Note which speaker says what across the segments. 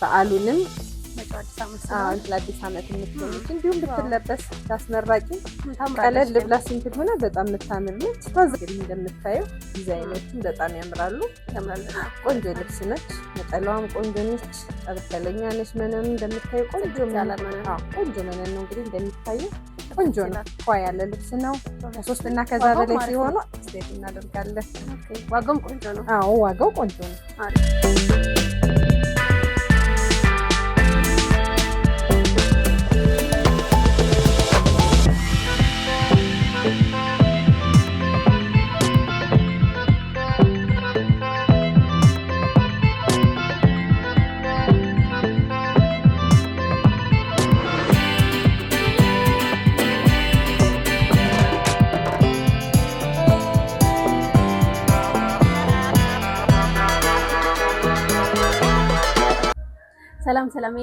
Speaker 1: በዓሉንም ለአዲስ ዓመት የምትሆነች እንዲሁም ብትለበስ ታስመራቂ ቀለል ብላ ስንት ሆነ በጣም የምታምር ነች። ታዝግል እንደምታየው ዲዛይኖችን በጣም ያምራሉ። ቆንጆ ልብስ ነች። መጠለዋም ቆንጆ ነች። ጠበከለኛ ነች። መነኑ እንደምታየው ቆንጆ ቆንጆ መነን ነው እንግዲህ እንደሚታየው ቆንጆ ነው። ኳ ያለ ልብስ ነው። ከሶስት እና ከዛ በላይ ሲሆኑ ስሌት እናደርጋለን። ዋጋው ቆንጆ ነው። ዋጋው ቆንጆ ነው። ሰላም ሰላሜ፣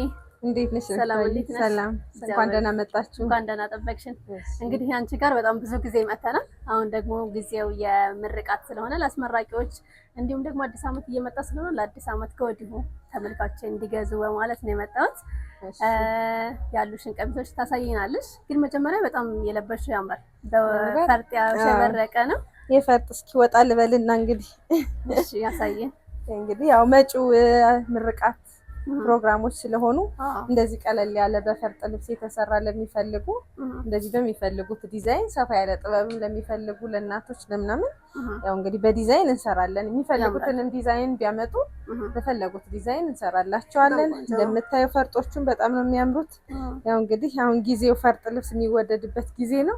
Speaker 1: እንዴት ነሽ? ሰላም እንዴት ነሽ? ሰላም። እንኳን ደህና መጣችሁ። እንኳን ደህና ጠበቅሽን። እንግዲህ አንቺ ጋር በጣም ብዙ ጊዜ መተናል። አሁን ደግሞ ጊዜው የምርቃት ስለሆነ ለአስመራቂዎች፣ እንዲሁም ደግሞ አዲስ ዓመት እየመጣ ስለሆነ ለአዲስ ዓመት ከወዲሁ ተመልካቾች እንዲገዙ በማለት ነው የመጣሁት። ያሉሽን ቀሚሶች ታሳይናለሽ፣ ግን መጀመሪያ በጣም የለበሽው ያምራል። በፈርጥ ያሸበረቀ ነው። የፈርጥ እስኪ ወጣ ልበልና እንግዲህ ያሳየን። እንግዲህ ያው መጪው ምርቃት ፕሮግራሞች ስለሆኑ እንደዚህ ቀለል ያለ በፈርጥ ልብስ የተሰራ ለሚፈልጉ እንደዚህ በሚፈልጉት ዲዛይን ሰፋ ያለ ጥበብም ለሚፈልጉ ለእናቶች ለምናምን ያው እንግዲህ በዲዛይን እንሰራለን። የሚፈልጉትንም ዲዛይን ቢያመጡ በፈለጉት ዲዛይን እንሰራላቸዋለን። እንደምታየው ፈርጦቹን በጣም ነው የሚያምሩት። ያው እንግዲህ አሁን ጊዜው ፈርጥ ልብስ የሚወደድበት ጊዜ ነው።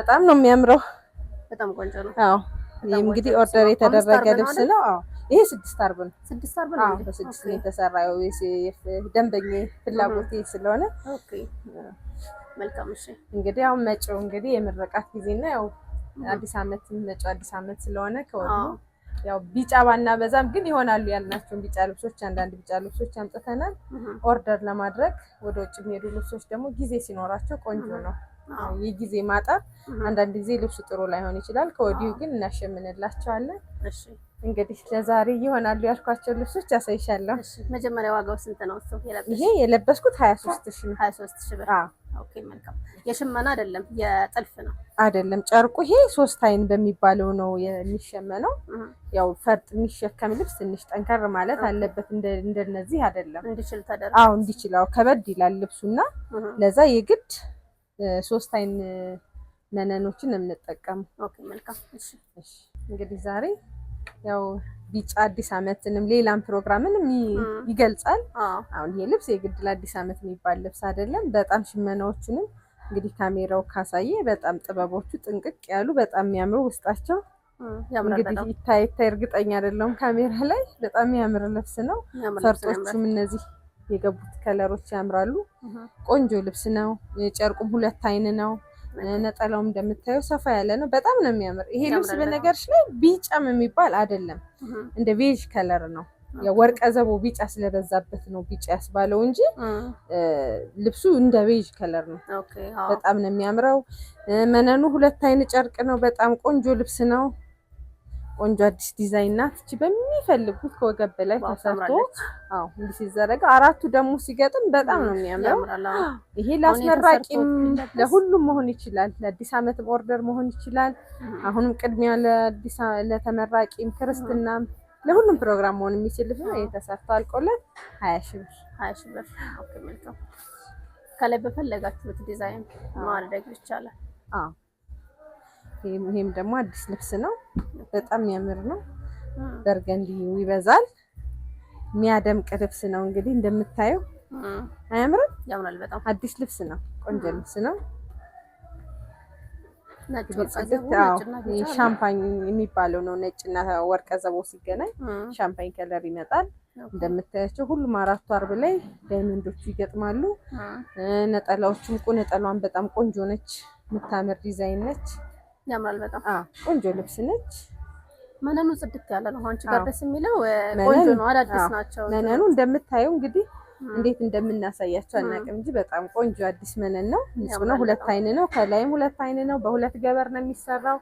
Speaker 1: በጣም ነው የሚያምረው። በጣም ቆንጆ ነው። አዎ ይህ እንግዲህ ኦርደር የተደረገ ልብስ ነው። አዎ ይሄ ስድስት አርብ ነው። ስድስት አርብ ነው። በስድስት ነው የተሰራ ደንበኛ ፍላጎት ስለሆነ መልካም። እንግዲህ አሁን መጪው እንግዲህ የምረቃት ጊዜና ያው አዲስ አመት መጪው አዲስ አመት ስለሆነ ከወዲሁ ያው ቢጫ ባና በዛም ግን ይሆናሉ ያልናቸውን ቢጫ ልብሶች አንዳንድ ቢጫ ልብሶች አምጥተናል ኦርደር ለማድረግ ወደ ውጭ የሚሄዱ ልብሶች ደግሞ ጊዜ ሲኖራቸው ቆንጆ ነው። የጊዜ ማጠር አንዳንድ ጊዜ ልብሱ ጥሩ ላይሆን ይችላል። ከወዲሁ ግን እናሸምንላቸዋለን። እንግዲህ ለዛሬ ይሆናሉ ያልኳቸው ልብሶች ያሳይሻለሁ። መጀመሪያ ዋጋው ስንት ነው? እሱ ይሄ የለበስኩት 23 ሺህ 23 ሺህ ብር። ኦኬ መልካም። የሽመና አይደለም የጥልፍ ነው አይደለም። ጨርቁ ይሄ ሶስት አይን በሚባለው ነው የሚሸመነው። ያው ፈርጥ የሚሸከም ልብስ ትንሽ ጠንከር ማለት አለበት። እንደነዚህ አይደለም። እንዲችል ተደረገ። አዎ እንዲችል። አዎ ከበድ ይላል ልብሱና ለዛ የግድ ሶስት አይን መነኖችን የምንጠቀመው። ኦኬ መልካም። እሺ እሺ። እንግዲህ ዛሬ ያው ቢጫ አዲስ አመትንም ሌላም ፕሮግራምንም ይገልጻል። አሁን ይሄ ልብስ የግድል አዲስ አመት የሚባል ልብስ አይደለም። በጣም ሽመናዎችንም እንግዲህ ካሜራው ካሳየ በጣም ጥበቦቹ ጥንቅቅ ያሉ በጣም የሚያምሩ ውስጣቸው እንግዲህ ይታይ ይታይ እርግጠኛ አይደለሁም ካሜራ ላይ በጣም የሚያምር ልብስ ነው። ፈርጦቹም እነዚህ የገቡት ከለሮች ያምራሉ። ቆንጆ ልብስ ነው። የጨርቁም ሁለት አይን ነው። ነጠላውም እንደምታየው ሰፋ ያለ ነው። በጣም ነው የሚያምር ይሄ ልብስ። በነገርሽ ላይ ቢጫም የሚባል አይደለም፣ እንደ ቤዥ ከለር ነው። ወርቀ ዘቦ ቢጫ ስለበዛበት ነው ቢጫ ያስባለው እንጂ ልብሱ እንደ ቤዥ ከለር ነው። በጣም ነው የሚያምረው። መነኑ ሁለት አይን ጨርቅ ነው። በጣም ቆንጆ ልብስ ነው። ቆንጆ አዲስ ዲዛይን ናት። እቺ በሚፈልጉት ከወገብ በላይ ተሰርቶ አዎ እንዲህ ሲዘረጋ አራቱ ደግሞ ሲገጥም በጣም ነው የሚያምረው። ይሄ ለአስመራቂም ለሁሉም መሆን ይችላል። ለአዲስ ዓመትም ኦርደር መሆን ይችላል። አሁንም ቅድሚያ ለአዲስ ለተመራቂም፣ ክርስትናም ለሁሉም ፕሮግራም መሆን የሚችል የተሰርቶ አልቆለት ሀያ ሺ ብር ሀያ ሺ ብር ከላይ በፈለጋችሁት ዲዛይን ማድረግ ይቻላል። ይሄም ደግሞ አዲስ ልብስ ነው። በጣም የሚያምር ነው። በርገንዲ ይበዛል። የሚያደምቅ ልብስ ነው። እንግዲህ እንደምታየው አያምርም? ያምራል። በጣም አዲስ ልብስ ነው። ቆንጆ ልብስ ነው። ሻምፓኝ የሚባለው ነው። ነጭና ወርቀ ዘቦ ሲገናኝ ሻምፓኝ ከለር ይመጣል። እንደምታያቸው ሁሉም አራቱ አርብ ላይ ዳይመንዶቹ ይገጥማሉ። ነጠላዎቹም ቁ ነጠሏን በጣም ቆንጆ ነች። የምታምር ዲዛይን ነች። ያምራል በጣም ቆንጆ ልብስ ነች። መነኑ ጽድት ያለ ነው። አንቺ ጋር ደስ የሚለው ቆንጆ ነው። አዳዲስ ናቸው። መነኑ እንደምታየው እንግዲህ እንዴት እንደምናሳያቸው አናውቅም እንጂ በጣም ቆንጆ አዲስ መነን ነው። ንጹህ ነው። ሁለት አይን ነው። ከላይም ሁለት አይን ነው። በሁለት ገበር ነው የሚሰራው።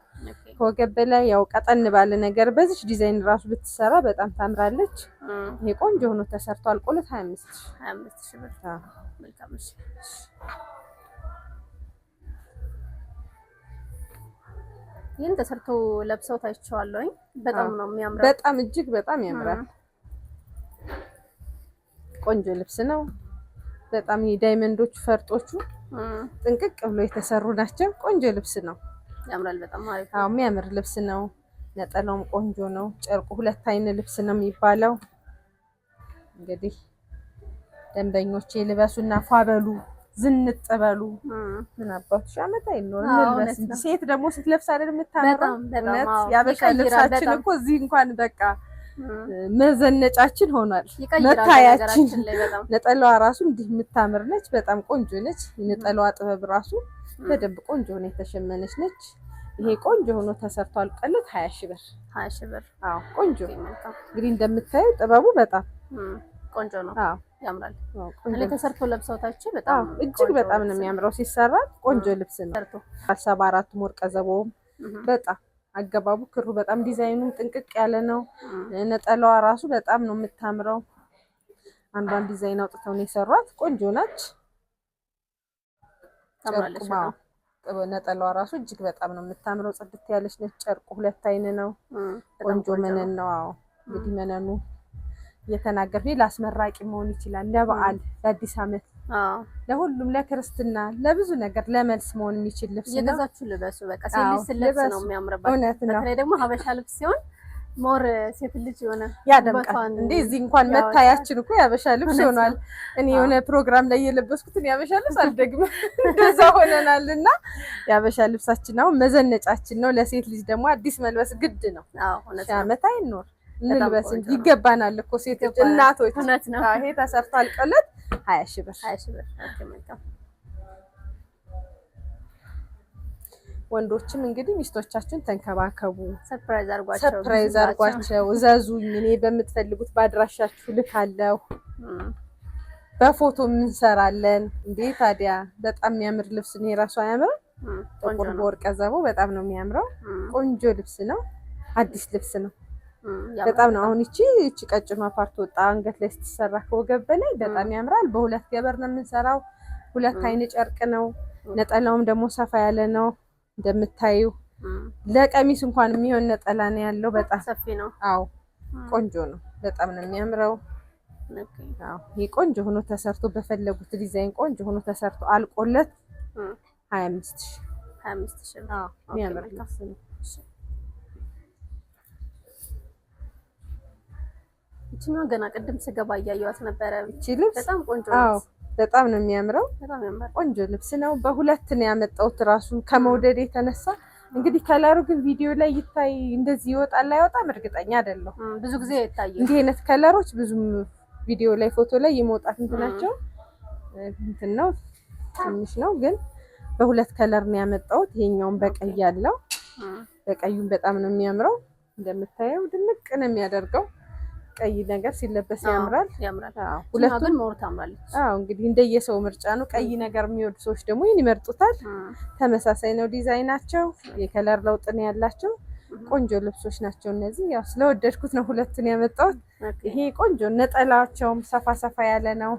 Speaker 1: ከወገብ በላይ ያው ቀጠን ባለ ነገር በዚች ዲዛይን ራሱ ብትሰራ በጣም ታምራለች። ይሄ ቆንጆ ሆኖ ተሰርቷል። ቁልፍ 25 25 ሺህ ብር ይህን ተሰርቶ ለብሰው ታይቼዋለሁኝ። በጣም ነው የሚያምረው። በጣም እጅግ በጣም ያምራል። ቆንጆ ልብስ ነው። በጣም የዳይመንዶቹ ፈርጦቹ ጥንቅቅ ብሎ የተሰሩ ናቸው። ቆንጆ ልብስ ነው። ያምራል። በጣም አሪፍ ነው። የሚያምር ልብስ ነው። ነጠላውም ቆንጆ ነው። ጨርቁ ሁለት አይን ልብስ ነው የሚባለው። እንግዲህ ደንበኞቼ ልበሱና ፏበሉ። ዝንጠበሉ በሉ ምን አባትሽ አመጣ የለውም። ሴት ደግሞ ስትለብስ አይደል የምታምረው። እውነት ያበሻ ልብሳችን እኮ እዚህ እንኳን በቃ መዘነጫችን ሆኗል፣ መታያችን። ነጠላዋ ራሱ እንዲህ የምታምር ነች፣ በጣም ቆንጆ ነች። የነጠላዋ ጥበብ ራሱ በደንብ ቆንጆ ሆነ የተሸመነች ነች። ይሄ ቆንጆ ሆኖ ተሰርቶ አልቆለት ሀያ ሺህ ብር ሀያ ሺህ ብር። አዎ ቆንጆ እንግዲህ እንደምታየው ጥበቡ በጣም ቆንጆ ነው። አዎ ያምራል። ላይ ተሰርቶ ለብሰውታችሁ በጣም እጅግ በጣም ነው የሚያምረው። ሲሰራ ቆንጆ ልብስ ነው። ሰባ አራት ሞር ቀዘቦውም በጣም አገባቡ ክሩ በጣም ዲዛይኑ ጥንቅቅ ያለ ነው። ነጠላዋ ራሱ በጣም ነው የምታምረው። አንዷን ዲዛይን አውጥተው ነው የሰሯት። ቆንጆ ናች። ነጠላዋ ራሱ እጅግ በጣም ነው የምታምረው። ጽድት ያለች ነች። ጨርቁ ሁለት አይን ነው። ቆንጆ መነን ነው። እንግዲህ መነኑ እየተናገርኩኝ ለአስመራቂ መሆን ይችላል፣ ለበዓል፣ ለአዲስ ዓመት፣ ለሁሉም ለክርስትና፣ ለብዙ ነገር ለመልስ መሆን የሚችል ልብስ ነው። የገዛችሁ ልበሱ። በቃ ሴት ልጅ ስትለብስ ነው የሚያምርባት። እውነት ነው። በተለይ ደግሞ ሀበሻ ልብስ ሲሆን ሞር ሴት ልጅ የሆነ ያደምቃል። እንዴ እዚህ እንኳን መታያችን እኮ ያበሻ ልብስ ሆኗል። እኔ የሆነ ፕሮግራም ላይ የለበስኩትን ያበሻ ልብስ አልደግም እንደዛ ሆነናል። እና ያበሻ ልብሳችን አሁን መዘነጫችን ነው። ለሴት ልጅ ደግሞ አዲስ መልበስ ግድ ነው። ዓመት አይኖር እንልበስ እንጂ ይገባናል እኮ ሴቶች እናቶች። እውነት ነው። ይሄ ተሰርቶ አልቆለት ሀያ ሺህ ብር ሀያ ሺህ ብር። ወንዶችም እንግዲህ ሚስቶቻችሁን ተንከባከቡ፣ ሰርፕራይዝ አርጓቸው፣ ሰርፕራይዝ እዘዙኝ፣ እኔ በምትፈልጉት በአድራሻችሁ ልካለሁ። በፎቶ እንሰራለን። እንዴ ታዲያ በጣም የሚያምር ልብስ ነው። የራሱ አያምርም? ጥቁር በወርቀ ዘቦ በጣም ነው የሚያምረው። ቆንጆ ልብስ ነው። አዲስ ልብስ ነው። በጣም ነው። አሁን ይቺ ይቺ ቀጭኗ ፓርት ወጣ አንገት ላይ ስትሰራ ከወገብ በላይ በጣም ያምራል። በሁለት ገበር ነው የምንሰራው። ሁለት አይን ጨርቅ ነው። ነጠላውም ደግሞ ሰፋ ያለ ነው እንደምታዩ። ለቀሚስ እንኳን የሚሆን ነጠላ ነው ያለው። በጣም ሰፊ ነው። አዎ ቆንጆ ነው። በጣም ነው የሚያምረው። ይህ ቆንጆ ሆኖ ተሰርቶ በፈለጉት ዲዛይን ቆንጆ ሆኖ ተሰርቶ አልቆለት 25 ሺህ አምስት ሺህ ነው የሚያምር ነው። ይችኛዋ ገና ቅድም ስገባ እያየዋት ነበረ። እቺ ልብስ በጣም ቆንጆ ነው። በጣም ነው የሚያምረው። ቆንጆ ልብስ ነው። በሁለት ነው ያመጣሁት ራሱ ከመውደድ የተነሳ እንግዲህ ከለሩ ግን ቪዲዮ ላይ ይታይ እንደዚህ ይወጣል ላይወጣም እርግጠኛ አይደለሁ። ብዙ ጊዜ ይታያል። እንዲህ አይነት ከለሮች ብዙም ቪዲዮ ላይ ፎቶ ላይ የመውጣት እንትናቸው እንትን ነው ትንሽ ነው። ግን በሁለት ከለር ነው ያመጣሁት። ይሄኛውን በቀይ ያለው በቀዩም በጣም ነው የሚያምረው። እንደምታየው ድምቅ ነው የሚያደርገው ቀይ ነገር ሲለበስ ያምራል ያምራል። ሁለቱን መውር ታምራለች። አዎ እንግዲህ እንደየሰው ምርጫ ነው። ቀይ ነገር የሚወዱ ሰዎች ደግሞ ይህን ይመርጡታል። ተመሳሳይ ነው ዲዛይናቸው፣ የከለር ለውጥ ነው ያላቸው። ቆንጆ ልብሶች ናቸው እነዚህ። ያው ስለወደድኩት ነው ሁለቱን ያመጣሁት። ይሄ ቆንጆ ነጠላቸውም ሰፋ ሰፋ ያለ ነው።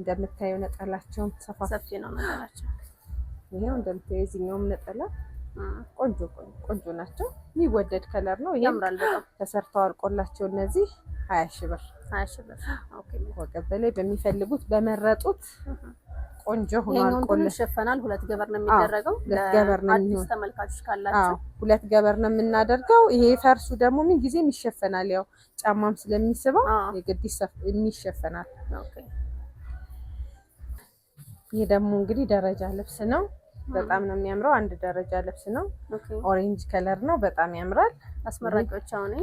Speaker 1: እንደምታየው ነጠላቸውም ሰፋ ሰፊ ነው ነጠላቸው። ይሄው እንደምታየው የዚህኛውም ነጠላ ቆንጆ ቆንጆ ናቸው። የሚወደድ ከለር ነው። ያምራል በጣም ተሰርተው አልቆላቸው እነዚህ ሀያ ሺህ ብር ሀያ ሺህ ብር ወገብ በላይ በሚፈልጉት በመረጡት ቆንጆ ሆኖ ይሸፈናል። ሁለት ገበር ነው የሚደረገው። ሁለት ገበር ነው የሚሆን ተመልካቾች ካላችሁ ሁለት ገበር ነው የምናደርገው። ይሄ ፈርሱ ደግሞ ምን ጊዜም ይሸፈናል። ያው ጫማም ስለሚስበው የግድ ይሸፈናል። ይሄ ደግሞ እንግዲህ ደረጃ ልብስ ነው። በጣም ነው የሚያምረው። አንድ ደረጃ ልብስ ነው። ኦሬንጅ ከለር ነው። በጣም ያምራል።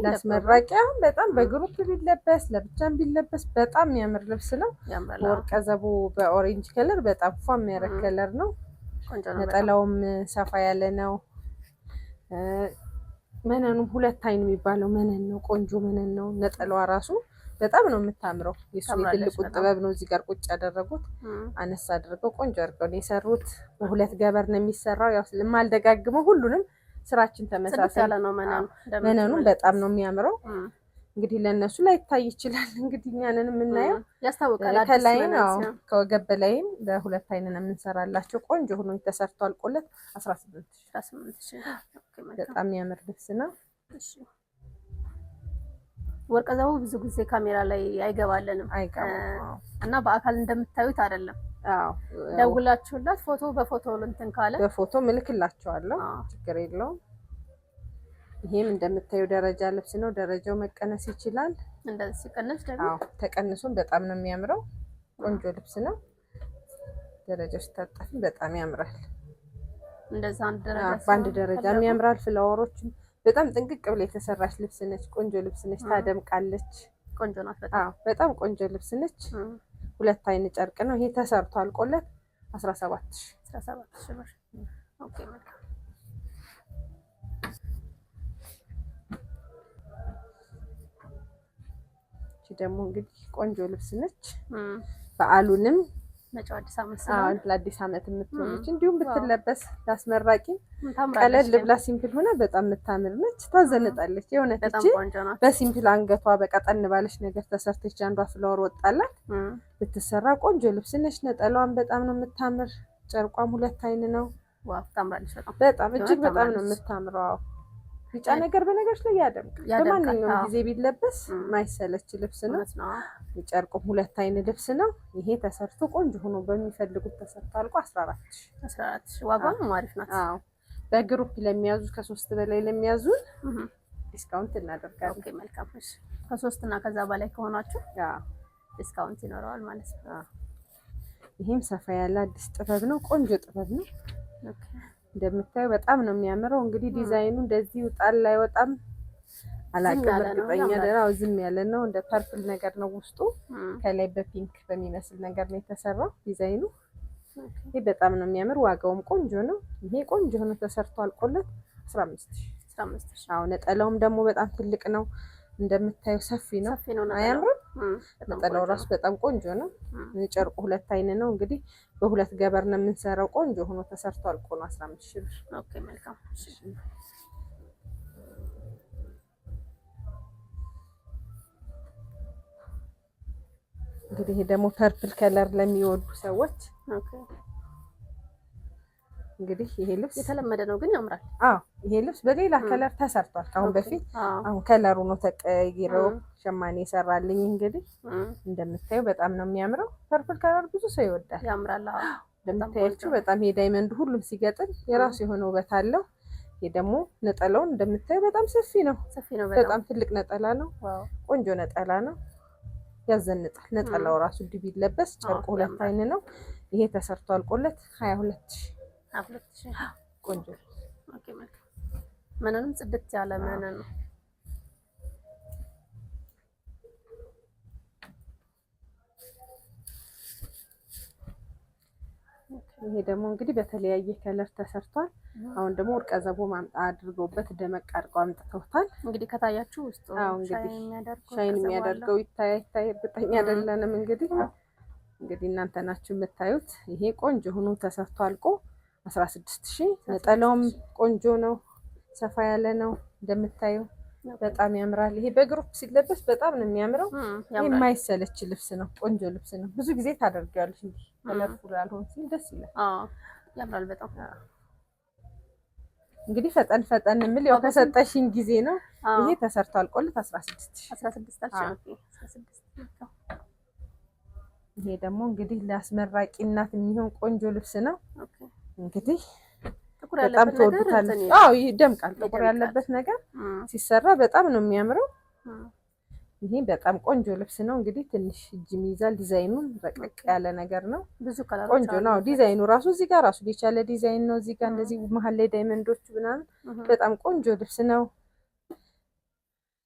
Speaker 1: ለአስመራቂያ በጣም በግሩፕ ቢለበስ ለብቻም ቢለበስ በጣም የሚያምር ልብስ ነው። ወርቀ ዘቦ በኦሬንጅ ከለር በጣም ፏ የሚያረግ ከለር ነው። ነጠላውም ሰፋ ያለ ነው። መነኑም ሁለት አይን የሚባለው መነን ነው። ቆንጆ መነን ነው። ነጠላዋ ራሱ በጣም ነው የምታምረው። የሱ የትልቁ ጥበብ ነው። እዚህ ጋር ቁጭ ያደረጉት አነስ አድርገው ቆንጆ አድርገው ነው የሰሩት። በሁለት ገበር ነው የሚሰራው። ያው ስለማልደጋግመው ሁሉንም ስራችን ተመሳሳይ ነው። መነኑም በጣም ነው የሚያምረው። እንግዲህ ለእነሱ ላይታይ ይችላል። እንግዲህ እኛንን የምናየው ያስታውቃል። ከላይም ከወገብ በላይም በሁለት አይንን የምንሰራላቸው ቆንጆ ሆኖ ተሰርቷል። ቆለት አስራ ስምንት ሺህ በጣም የሚያምር ልብስ ነው። ወርቀ ዘቦ ብዙ ጊዜ ካሜራ ላይ አይገባልንም እና በአካል እንደምታዩት አይደለም። ደውላችሁላት ፎቶ በፎቶ እንትን ካለ በፎቶ ምልክላችኋለሁ፣ ችግር የለውም። ይሄም እንደምታዩ ደረጃ ልብስ ነው። ደረጃው መቀነስ ይችላል። እንደዚህ ሲቀነስ ደግሞ ተቀንሶም በጣም ነው የሚያምረው። ቆንጆ ልብስ ነው። ደረጃው ሲታጠፍም በጣም ያምራል። እንደዛ አንድ ደረጃ በአንድ ደረጃ ያምራል። ፍላወሮችም በጣም ጥንቅቅ ብላ የተሰራች ልብስ ነች። ቆንጆ ልብስ ነች። ታደምቃለች። ቆንጆ ናት። በጣም ቆንጆ ልብስ ነች። ሁለት አይን ጨርቅ ነው ይሄ ተሰርቶ አልቆለት አስራ ሰባት ሺህ አስራ ሰባት ብር። ኦኬ መልካም። ደግሞ እንግዲህ ቆንጆ ልብስ ነች። በዓሉንም የምትመጪው አዲስ አመት ስለሆነ ለአዲስ ዓመት የምትሆነች እንዲሁም ብትለበስ ላስመራቂ ቀለል ብላ ሲምፕል ሆነ በጣም የምታምር ነች። ታዘንጣለች። የእውነት በሲምፕል አንገቷ በቀጠን ባለች ነገር ተሰርተች አንዷ ፍላወር ወጣላት ብትሰራ ቆንጆ ልብስ ነች። ነጠላዋን በጣም ነው የምታምር። ጨርቋም ሁለት አይን ነው። በጣም እጅግ በጣም ነው የምታምረው። ቢጫ ነገር በነገሮች ላይ ያደምቅ በማንኛውም ጊዜ ቢለበስ ማይሰለች ልብስ ነው። ጨርቁም ሁለት አይን ልብስ ነው። ይሄ ተሰርቶ ቆንጆ ሆኖ በሚፈልጉት ተሰርቶ አልቆ አስራ አራት ዋጋም አሪፍ ናት። በግሩፕ ለሚያዙ ከሶስት በላይ ለሚያዙን ዲስካውንት እናደርጋለን። መልካም። ከሶስት እና ከዛ በላይ ከሆናችሁ ዲስካውንት ይኖረዋል ማለት ነው። ይህም ሰፋ ያለ አዲስ ጥበብ ነው። ቆንጆ ጥበብ ነው። እንደምታዩ በጣም ነው የሚያምረው። እንግዲህ ዲዛይኑ እንደዚህ ውጣል ላይ ወጣም አላውቅም እርግጠኛ ደህና ዝም ያለ ነው። እንደ ፐርፕል ነገር ነው ውስጡ ከላይ በፒንክ በሚመስል ነገር ነው የተሰራው ዲዛይኑ። ይህ በጣም ነው የሚያምር። ዋጋውም ቆንጆ ነው። ይሄ ቆንጆ ሆኖ ተሰርቶ አልቆለት 15 15 ነጠላውም ደግሞ በጣም ትልቅ ነው እንደምታዩ ሰፊ ነው። አያምርም? ነጠላው ራሱ በጣም ቆንጆ ነው። ጨርቁ ሁለት አይን ነው እንግዲህ በሁለት ገበር ነው የምንሰራው። ቆንጆ ሆኖ ተሰርቶ አልቆ ነው አስራ አምስት ሺህ ብር። ኦኬ መልካም። እንግዲህ ደግሞ ፐርፕል ከለር ለሚወዱ ሰዎች እንግዲህ ይሄ ልብስ የተለመደ ነው ግን ያምራል። አዎ ይሄ ልብስ በሌላ ከለር ተሰርቷል ከአሁን በፊት። አሁን ከለሩ ነው ተቀይሮ ሸማኔ የሰራልኝ። እንግዲህ እንደምታዩ በጣም ነው የሚያምረው። ፐርፕል ከለር ብዙ ሰው ይወዳል፣ ያምራል። እንደምታያችሁ በጣም የዳይመንድ ሁሉም ሲገጥም የራሱ የሆነ ውበት አለው። ይሄ ደግሞ ነጠላውን እንደምታዩ በጣም ሰፊ ነው፣ በጣም ትልቅ ነጠላ ነው። ቆንጆ ነጠላ ነው፣ ያዘንጣል። ነጠላው ራሱ ዲቢ ለበስ ጨርቁ ሁለት አይን ነው። ይሄ ተሰርቶ አልቆለት ሀያ ሁለት ሺህ ቆንጆ መነንም ጽድት ያለ መነን ነው። ይሄ ደግሞ እንግዲህ በተለያየ ከለር ተሰርቷል። አሁን ደግሞ ወርቀ ዘቦ አድርገውበት ደመቅ አድርገው አምጥተውታል። እንግዲህ ከታያችሁ ውስጥ ሻይን የሚያደርገው ይታይ ይታይ እርግጠኛ አይደለንም። እንግዲህ እንግዲህ እናንተ ናችሁ የምታዩት። ይሄ ቆንጆ ሆኖ ተሰርቶ አልቆ አስራ ስድስት ሺህ ነጠላውም ቆንጆ ነው፣ ሰፋ ያለ ነው እንደምታየው በጣም ያምራል። ይሄ በግሩፕ ሲለበስ በጣም ነው የሚያምረው። የማይሰለች ልብስ ነው፣ ቆንጆ ልብስ ነው። ብዙ ጊዜ ታደርጊዋለሽ እንጂ ተለፉ ያልሆን ሲል ደስ ይላል፣ ያምራል በጣም እንግዲህ ፈጠን ፈጠን የምል ያው ከሰጠሽኝ ጊዜ ነው። ይሄ ተሰርቶ አልቆለት አስራ ስድስት ይሄ ደግሞ እንግዲህ ለአስመራቂ እናት የሚሆን ቆንጆ ልብስ ነው። እንግዲህ በጣም ተወዱታል። አዎ ይደምቃል። ጥቁር ያለበት ነገር ሲሰራ በጣም ነው የሚያምረው። ይሄ በጣም ቆንጆ ልብስ ነው። እንግዲህ ትንሽ እጅ ይይዛል ዲዛይኑ ረቀቅ ያለ ነገር ነው። ቆንጆ ነው ዲዛይኑ ራሱ። እዚህ ጋር ራሱ የቻለ ዲዛይን ነው። እዚህ ጋር እንደዚህ መሀል ላይ ዳይመንዶቹ ምናምን በጣም ቆንጆ ልብስ ነው።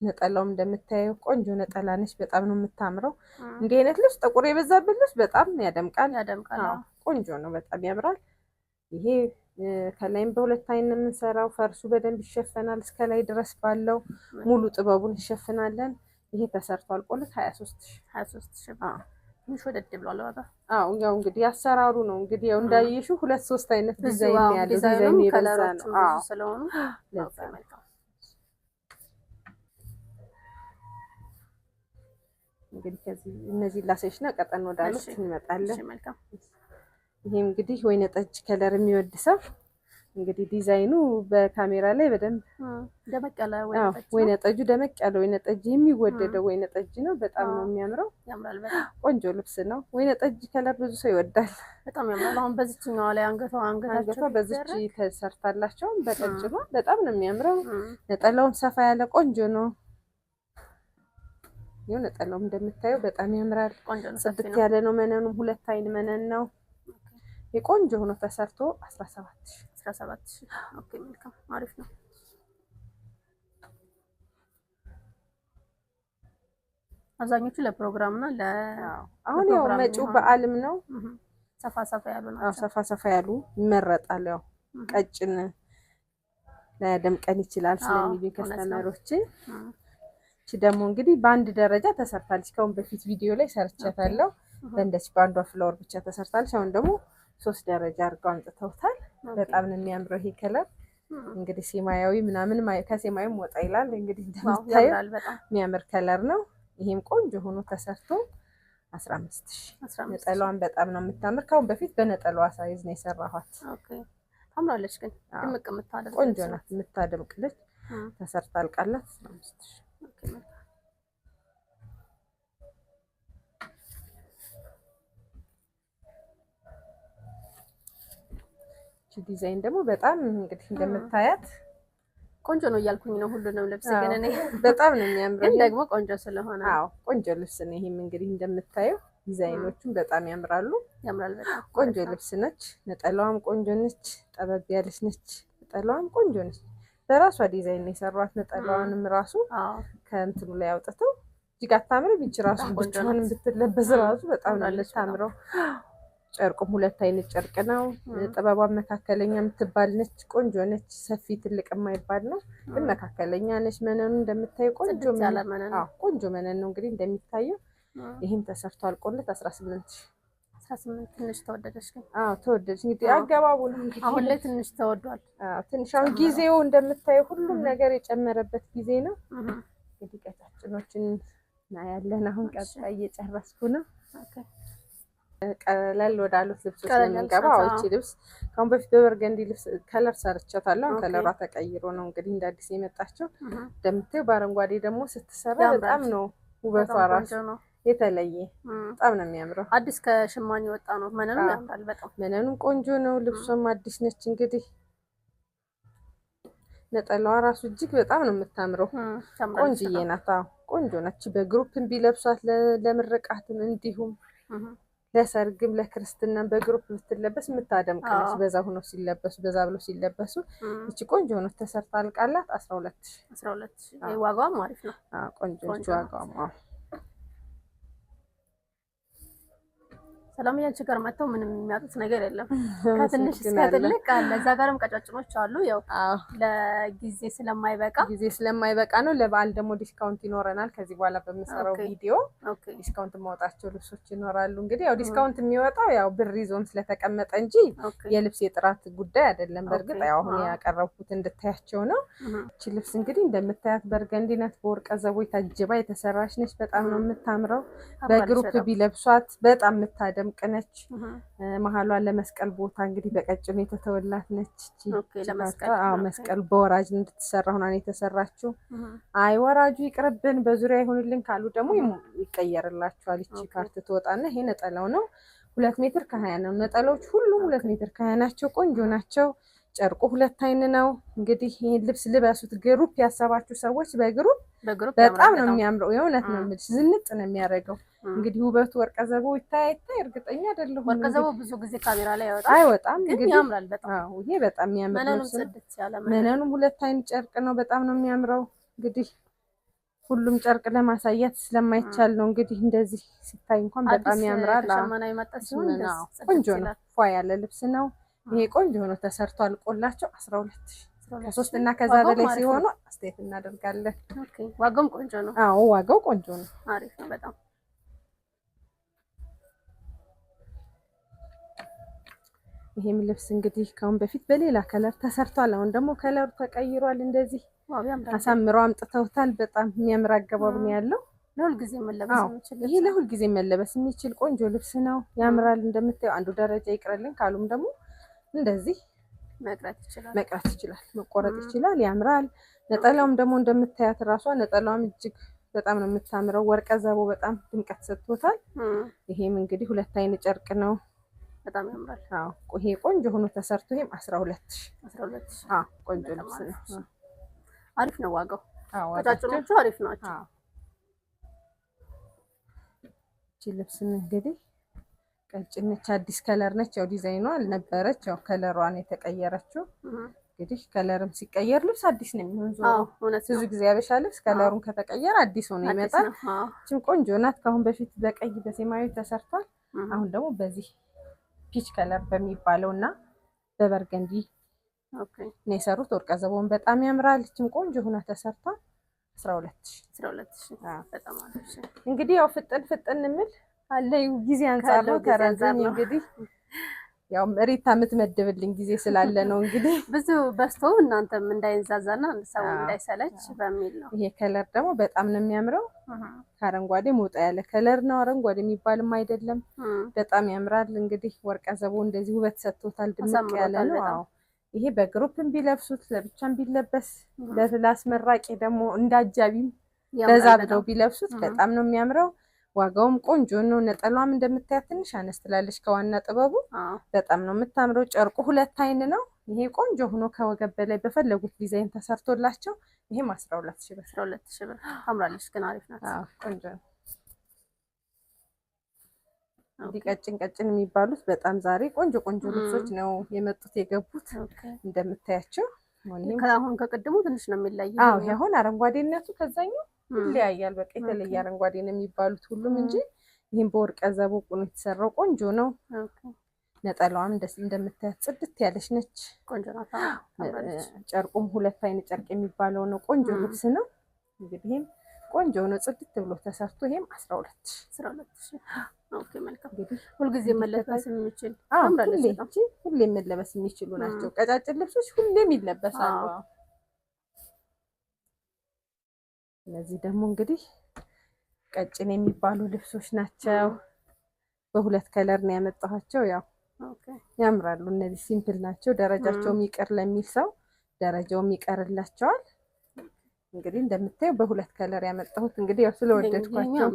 Speaker 1: ነጠላውም እንደምታየው ቆንጆ ነጠላ ነች። በጣም ነው የምታምረው። እንዲህ አይነት ልብስ ጥቁር የበዛበት ልብስ በጣም ያደምቃል። ቆንጆ ነው። በጣም ያምራል። ይሄ ከላይም በሁለት አይን የምንሰራው። ፈርሱ በደንብ ይሸፈናል፣ እስከ ላይ ድረስ ባለው ሙሉ ጥበቡን ይሸፍናለን። ይሄ ተሰርቶ አልቆለት ሀያ ሶስት ትንሽ ወደድ ብሏል ዋጋ። አዎ ያው እንግዲህ አሰራሩ ነው እንግዲህ ያው እንዳየሹ ሁለት ሶስት አይነት ዲዛይን ያለ ዲዛይን የበዛ ነው። ስለሆኑ እንግዲህ ከዚህ እነዚህ ላሳይሽና ቀጠን ወዳሉት እንመጣለን። መልካም ይሄ እንግዲህ ወይነ ጠጅ ከለር የሚወድ ሰው እንግዲህ ዲዛይኑ በካሜራ ላይ በደንብ ደመቅ ያለ ወይነ ጠጁ ደመቅ ያለ ወይነ ጠጅ የሚወደደው ወይነ ጠጅ ነው። በጣም ነው የሚያምረው። ቆንጆ ልብስ ነው። ወይነ ጠጅ ከለር ብዙ ሰው ይወዳል። በጣም ያምራል። አሁን በዚችኛዋ ላይ አንገቷ አንገቷ በዚች ተሰርታላቸው በጠጅ ነው። በጣም ነው የሚያምረው። ነጠላውም ሰፋ ያለ ቆንጆ ነው። ይኸው ነጠላውም እንደምታየው በጣም ያምራል። ጽድት ያለ ነው። መነኑም ሁለት አይን መነን ነው። የቆንጆ ሆኖ ተሰርቶ 17 ሺህ 17 ኦኬ መልካም አሪፍ ነው። አብዛኞቹ ለፕሮግራም እና አሁን ያው መጪው በዓልም ነው። ሰፋ ሰፋ ያሉ ናቸው። ሰፋ ሰፋ ያሉ ይመረጣል። ያው ቀጭን ለደምቀን ይችላል ስለሚሉኝ ከስተመሮች እቺ ደግሞ እንግዲህ በአንድ ደረጃ ተሰርታለች። ከአሁን በፊት ቪዲዮ ላይ ሰርቻታለሁ። በእንደዚህ በአንዷ ፍላወር ብቻ ተሰርታለች። አሁን ደግሞ ሶስት ደረጃ አድርገው አምጥተውታል። በጣም ነው የሚያምረው ይሄ ከለር እንግዲህ ሴማያዊ ምናምን ከሴማያዊም ወጣ ይላል። እንግዲህ እንደምታየው የሚያምር ከለር ነው። ይሄም ቆንጆ ሆኖ ተሰርቶ አስራ አምስት ሺህ ነጠላዋን በጣም ነው የምታምር። ከአሁን በፊት በነጠላዋ ሳይዝ ነው የሰራኋት። ታምራለች፣ ግን ድምቅ የምታደምቅ ቆንጆ ናት። የምታደምቅለች ተሰርታ አልቃላት አስራ አምስት ዲዛይን ደግሞ በጣም እንግዲህ እንደምታያት ቆንጆ ነው እያልኩኝ ነው። ሁሉንም ልብስ ግን እኔ በጣም ነው የሚያምረው፣ ግን ደግሞ ቆንጆ ስለሆነ አዎ፣ ቆንጆ ልብስ ነው። ይሄም እንግዲህ እንደምታየው ዲዛይኖቹም በጣም ያምራሉ። ያምራል፣ በጣም ቆንጆ ልብስ ነች። ነጠላዋም ቆንጆ ነች፣ ጠበብ ያለች ነች። ነጠላዋም ቆንጆ ነች። በራሷ ዲዛይን ነው የሰሯት። ነጠላዋንም ራሱ ከእንትኑ ላይ አውጥተው እጅግ አታምርም? ይች ራሱ ብትለበስ ራሱ በጣም ነው የምታምረው። ጨርቁም ሁለት አይነት ጨርቅ ነው። ጥበቧ መካከለኛ የምትባል ነች። ቆንጆ ነች። ሰፊ ትልቅ የማይባል ነው ግን መካከለኛ ነች። መነኑ እንደምታየው ቆንጆ ቆንጆ መነን ነው። እንግዲህ እንደሚታየው ይህም ተሰርቶ አልቆለት አስራ ስምንት ትንሽ ተወደደች ግን ተወደደች። እንግዲህ አገባቡ ነው እንግዲህ አሁን ላይ ትንሽ ተወዷል። ትንሽ አሁን ጊዜው እንደምታየው ሁሉም ነገር የጨመረበት ጊዜ ነው። እንግዲህ ቀጫጭኖችን እናያለን። አሁን ቀጣይ እየጨረስኩ ነው። ቀለል ወዳሉት ልብሶች የምንገባ አዎቺ ልብስ ከአሁን በፊት በበርገንዲ ልብስ ከለር ሰርቻታለሁ። ከለሯ ተቀይሮ ነው እንግዲህ እንደ አዲስ የመጣቸው እንደምታየው። በአረንጓዴ ደግሞ ስትሰራ በጣም ነው ውበቷ ራሱ የተለየ በጣም ነው የሚያምረው። አዲስ ከሽማኝ ወጣ ነው። መነኑ ያምራል በጣም መነኑ ቆንጆ ነው። ልብሷም አዲስ ነች። እንግዲህ ነጠላዋ ራሱ እጅግ በጣም ነው የምታምረው። ቆንጅዬ ናት። ቆንጆ ነች። በግሩፕም ቢለብሷት ለምርቃትም እንዲሁም ለሰርግም ለክርስትናም በግሩፕ ብትለበስ የምታደምቀለች በዛ ሆኖ ሲለበሱ በዛ ብሎ ሲለበሱ እቺ ቆንጆ ሆኖ ተሰርታ አልቃላት አስራ ሁለት ሺ ዋጋዋም አሪፍ ነው ቆንጆ ዋጋዋም ሰላም ያንቺ ጋር መጥተው ምንም የሚያጡት ነገር የለም። ከትንሽ እስከ ትልቅ አለ። እዛ ጋርም ቀጫጭኖች አሉ። ያው ለጊዜ ስለማይበቃ ጊዜ ስለማይበቃ ነው። ለበዓል ደግሞ ዲስካውንት ይኖረናል። ከዚህ በኋላ በምሰራው ቪዲዮ ዲስካውንት ማውጣቸው ልብሶች ይኖራሉ። እንግዲህ ያው ዲስካውንት የሚወጣው ያው ብር ይዞን ስለተቀመጠ እንጂ የልብስ የጥራት ጉዳይ አይደለም። በእርግጥ ያው አሁን ያቀረብኩት እንድታያቸው ነው። እቺ ልብስ እንግዲህ እንደምታያት በርገንዲነት ናት። በወርቀ ዘቦች ታጅባ የተሰራች ነች። በጣም ነው የምታምረው። በግሩፕ ቢለብሷት በጣም የምታደም ጨርቅ ነች። መሀሏን ለመስቀል ቦታ እንግዲህ በቀጭኑ የተተወላት ነች። መስቀል በወራጅ እንድትሰራ ሆና የተሰራችው። አይ ወራጁ ይቅርብን በዙሪያ ይሁንልን ካሉ ደግሞ ይቀየርላቸዋል። ይቺ ካርት ትወጣና ይሄ ነጠላው ነው። ሁለት ሜትር ከሀያ ነው። ነጠላዎች ሁሉም ሁለት ሜትር ከሀያ ናቸው። ቆንጆ ናቸው። ጨርቁ ሁለት አይን ነው። እንግዲህ ይህን ልብስ ልበሱት። ግሩፕ ያሰባችሁ ሰዎች በግሩፕ በጣም ነው የሚያምረው። የእውነት ነው የምልሽ ዝንጥ ነው የሚያደርገው። እንግዲህ ውበቱ ወርቀ ዘቦ ይታይ አይታይ እርግጠኛ አይደለሁም። ወርቀ ዘቦ ብዙ ጊዜ ካሜራ ላይ አይወጣም አይወጣም፣ ግን ያምራል በጣም። አዎ ይሄ በጣም የሚያምር ልብስ ነው። መነኑም ሁለት አይን ጨርቅ ነው። በጣም ነው የሚያምረው። እንግዲህ ሁሉም ጨርቅ ለማሳየት ስለማይቻል ነው እንግዲህ እንደዚህ ሲታይ እንኳን በጣም ያምራል። ቆንጆ ነው። ፏ ያለ ልብስ ነው። ይሄ ቆንጆ ሆኖ ተሰርቶ አልቆላቸው አስራ ሁለት ከሶስት እና ከዛ በላይ ሲሆኑ አስተያየት እናደርጋለን። ዋጋውም ቆንጆ ነው። አዎ ዋጋው ቆንጆ ነው። አሪፍ ነው በጣም ይሄም ልብስ እንግዲህ ከአሁን በፊት በሌላ ከለር ተሰርቷል። አሁን ደግሞ ከለሩ ተቀይሯል። እንደዚህ አሳምረው አምጥተውታል። በጣም የሚያምር አገባብ ነው ያለው። መለበስ የሚችል መለበስ የሚችል ቆንጆ ልብስ ነው። ያምራል። እንደምታየው አንዱ ደረጃ ይቅረልን ካሉም ደግሞ እንደዚህ መቅረት ይችላል መቅረት ይችላል መቆረጥ ይችላል። ያምራል። ነጠላውም ደግሞ እንደምታያት እራሷ ነጠላውም እጅግ በጣም ነው የምታምረው። ወርቀ ዘቦ በጣም ድምቀት ሰጥቶታል። ይሄም እንግዲህ ሁለት አይን ጨርቅ ነው። በጣም ያምራል። አዎ ይሄ ቆንጆ ሆኖ ተሰርቶ ይሄም አስራ ሁለት አስራ ሁለት አዎ ቆንጆ ልብስ ነው። አሪፍ ነው ዋጋው። አዎ ቀጫጭኖቹ አሪፍ ናቸው። ይቺ ልብስ እንግዲህ ቀጭነች አዲስ ከለር ነች። ያው ዲዛይኗ አልነበረች። ያው ከለሯን የተቀየረችው እንግዲህ ከለርም ሲቀየር ልብስ አዲስ ነው የሚሆን። ብዙ ጊዜ ያበሻ ልብስ ከለሩን ከተቀየረ አዲስ ሆኖ ይመጣል። ችም ቆንጆ ናት። ከአሁን በፊት በቀይ በሰማያዊ ተሰርቷል። አሁን ደግሞ በዚህ ፒች ከለር በሚባለው እና በበርገንዲ ነው የሰሩት። ወርቀ ዘቦን በጣም ያምራል። ችም ቆንጆ ሆና ተሰርቷል። አስራ ሁለት ሺህ እንግዲህ ያው ፍጥን ፍጥን የምል አለኝ ጊዜ አንጻር ነው። ከረዘም እንግዲህ ያው ሪታ የምትመድብልኝ ጊዜ ስላለ ነው እንግዲህ ብዙ በዝቶ እናንተም እንዳይንዛዛና ሰው እንዳይሰለች በሚል ነው። ይሄ ከለር ደግሞ በጣም ነው የሚያምረው። ከአረንጓዴ መውጣ ያለ ከለር ነው። አረንጓዴ የሚባልም አይደለም፣ በጣም ያምራል። እንግዲህ ወርቀ ዘቦ እንደዚህ ውበት ሰጥቶታል፣ ድምቅ ያለ ነው። አዎ ይሄ በግሩፕም ቢለብሱት ለብቻም ቢለበስ ለአስመራቂ ደግሞ እንዳጃቢም በዛ ብለው ቢለብሱት በጣም ነው የሚያምረው። ዋጋውም ቆንጆ ነው። ነጠላዋም እንደምታያት ትንሽ አነስ ትላለች ከዋና ጥበቡ። በጣም ነው የምታምረው። ጨርቁ ሁለት አይን ነው። ይሄ ቆንጆ ሆኖ ከወገብ በላይ በፈለጉት ዲዛይን ተሰርቶላቸው ይሄም አስራ ሁለት ሺህ ብር አስራ ሁለት ሺህ ብር ታምራለች፣ ግን አሪፍ ናት። ቆንጆ ነው። እንዲህ ቀጭን ቀጭን የሚባሉት በጣም ዛሬ ቆንጆ ቆንጆ ልብሶች ነው የመጡት የገቡት እንደምታያቸው። አሁን ከቅድሙ ትንሽ ነው የሚለየው። አዎ አሁን አረንጓዴነቱ ከዛኛው ይለያያል። በቃ የተለየ አረንጓዴ ነው የሚባሉት ሁሉም እንጂ ይህም በወርቀ ዘቦ ነው የተሰራው። ቆንጆ ነው። ነጠላዋም እንደምታያት ጽድት ያለች ነች። ጨርቁም ሁለት አይነት ጨርቅ የሚባለው ነው። ቆንጆ ልብስ ነው። እንግዲህም ቆንጆ ነው። ጽድት ብሎ ተሰርቶ ይሄም አስራ ሁለት ሁልጊዜ መለበስ የሚችል ሁሌ መለበስ የሚችሉ ናቸው። ቀጫጭን ልብሶች ሁሌም ይለበሳሉ። እነዚህ ደግሞ እንግዲህ ቀጭን የሚባሉ ልብሶች ናቸው። በሁለት ከለር ነው ያመጣኋቸው። ያው ያምራሉ። እነዚህ ሲምፕል ናቸው። ደረጃቸውም ይቀር ለሚል ሰው ደረጃውም ይቀርላቸዋል። እንግዲህ እንደምታየው በሁለት ከለር ያመጣሁት እንግዲህ ያው ስለወደድኳቸው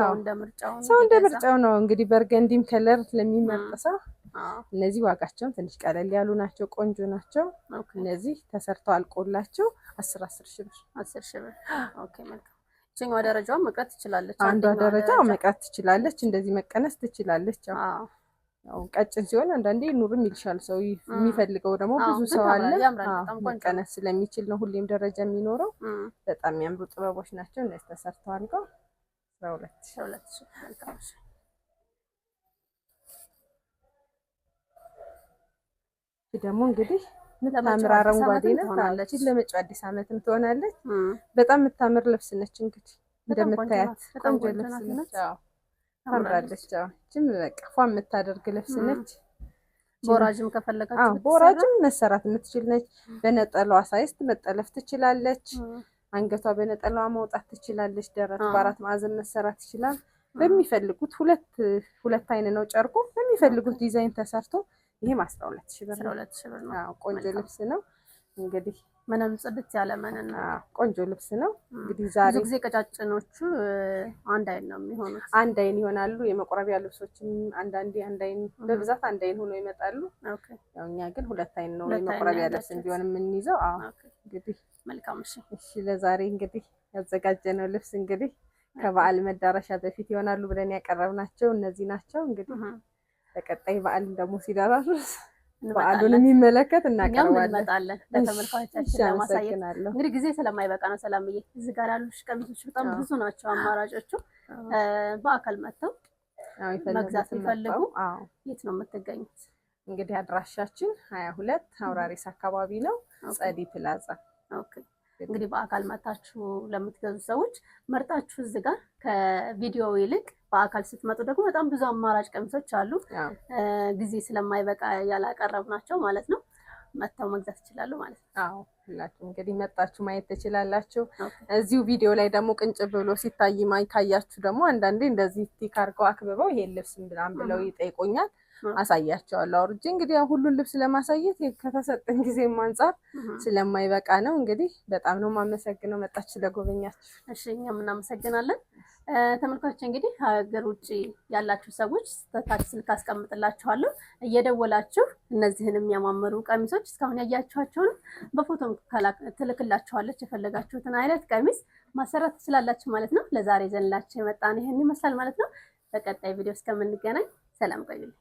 Speaker 1: ሰው እንደ ምርጫው ነው እንግዲህ በርገንዲም ከለር ለሚመርጥ ሰው እነዚህ ዋጋቸውም ትንሽ ቀለል ያሉ ናቸው። ቆንጆ ናቸው። እነዚህ ተሰርተው አልቆላቸው አስር አስር ሺህ ብር አስር ሺህ ብር። ኦኬ መልካም። እቺኛዋ ደረጃዋን መቅረት ትችላለች። አንዷ ደረጃ መቅረት ትችላለች። እንደዚህ መቀነስ ትችላለች። ያው ቀጭን ሲሆን አንዳንዴ ኑርም ይልሻል ሰው የሚፈልገው ደግሞ ብዙ ሰው አለ። መቀነስ ስለሚችል ነው ሁሌም ደረጃ የሚኖረው። በጣም የሚያምሩ ጥበቦች ናቸው። እነዚህ ተሰርተው አልቀው ሁለት ሁለት ደግሞ እንግዲህ የምታምር አረንጓዴ ናት። ለመጪው አዲስ ዓመትም ትሆናለች። በጣም የምታምር ልብስ ነች። እንግዲህ እንደምታያት ቆንጆ ልብስ ነች። ታምራለች። ችም በቃ ፏ የምታደርግ ልብስ ነች። በወራጅም ከፈለጋችሁ በወራጅም መሰራት የምትችል ነች። በነጠላዋ ሳይስት መጠለፍ ትችላለች። አንገቷ በነጠላዋ መውጣት ትችላለች። ደረት በአራት ማዕዘን መሰራት ይችላል። በሚፈልጉት ሁለት ሁለት አይን ነው ጨርቁ። በሚፈልጉት ዲዛይን ተሰርቶ ይሄም አስራ ሁለት ሺህ ብር ነው። ቆንጆ ልብስ ነው እንግዲህ ምንም ጽድት ያለ መነን ቆንጆ ልብስ ነው እንግዲህ። ዛሬ ብዙ ጊዜ ቀጫጭኖቹ አንድ አይን ነው የሚሆኑት፣ አንድ አይን ይሆናሉ። የመቁረቢያ ልብሶችም አንዳንዴ አንድ አይን በብዛት አንድ አይን ሆኖ ይመጣሉ። ያው እኛ ግን ሁለት አይን ነው የመቁረቢያ ልብስ እንዲሆን የምንይዘው። አዎ እንግዲህ መልካም። እሺ ለዛሬ እንግዲህ ያዘጋጀነው ልብስ እንግዲህ ከበዓል መዳረሻ በፊት ይሆናሉ ብለን ያቀረብናቸው እነዚህ ናቸው እንግዲህ በቀጣይ በዓልን ደግሞ ሲደራርስ በዓሉን የሚመለከት እናቀርባለን ለተመልካቾቻችን ለማሳየት። እንግዲህ ጊዜ ስለማይበቃ ነው ሰላምዬ፣ እዚህ ጋር ያሉ ቀሚሶች በጣም ብዙ ናቸው። አማራጮቹ በአካል መጥተው መግዛት የሚፈልጉ የት ነው የምትገኙት? እንግዲህ አድራሻችን ሀያ ሁለት አውራሪስ አካባቢ ነው ጸዲ ፕላዛ። እንግዲህ በአካል መታችሁ ለምትገዙ ሰዎች መርጣችሁ እዚህ ጋር ከቪዲዮ ይልቅ በአካል ስትመጡ ደግሞ በጣም ብዙ አማራጭ ቀሚሶች አሉ። ጊዜ ስለማይበቃ ያላቀረብ ናቸው ማለት ነው። መጥተው መግዛት ይችላሉ ማለት ነው። ሁላችሁ እንግዲህ መጣችሁ ማየት ትችላላችሁ። እዚሁ ቪዲዮ ላይ ደግሞ ቅንጭብ ብሎ ሲታይ ማይ ካያችሁ ደግሞ አንዳንዴ እንደዚህ ቲክ አርገው አክብበው ይሄን ልብስ ምናምን ብለው ይጠይቆኛል። አሳያቸዋለሁ አውርጄ። እንግዲህ ሁሉን ልብስ ለማሳየት ከተሰጠን ጊዜም አንጻር ስለማይበቃ ነው። እንግዲህ በጣም ነው የማመሰግነው መጣች ስለጎበኛችሁ። እሺ እኛም እናመሰግናለን። ተመልካቾች እንግዲህ ሀገር ውጭ ያላችሁ ሰዎች በታች ስልክ አስቀምጥላችኋለሁ እየደወላችሁ እነዚህን የሚያማምሩ ቀሚሶች እስካሁን ያያችኋቸውን በፎቶም ትልክላችኋለች። የፈለጋችሁትን አይነት ቀሚስ ማሰራት ትችላላችሁ ማለት ነው። ለዛሬ ዘንላችሁ የመጣን ይህን ይመስላል ማለት ነው። በቀጣይ ቪዲዮ እስከምንገናኝ ሰላም ቆዩልኝ።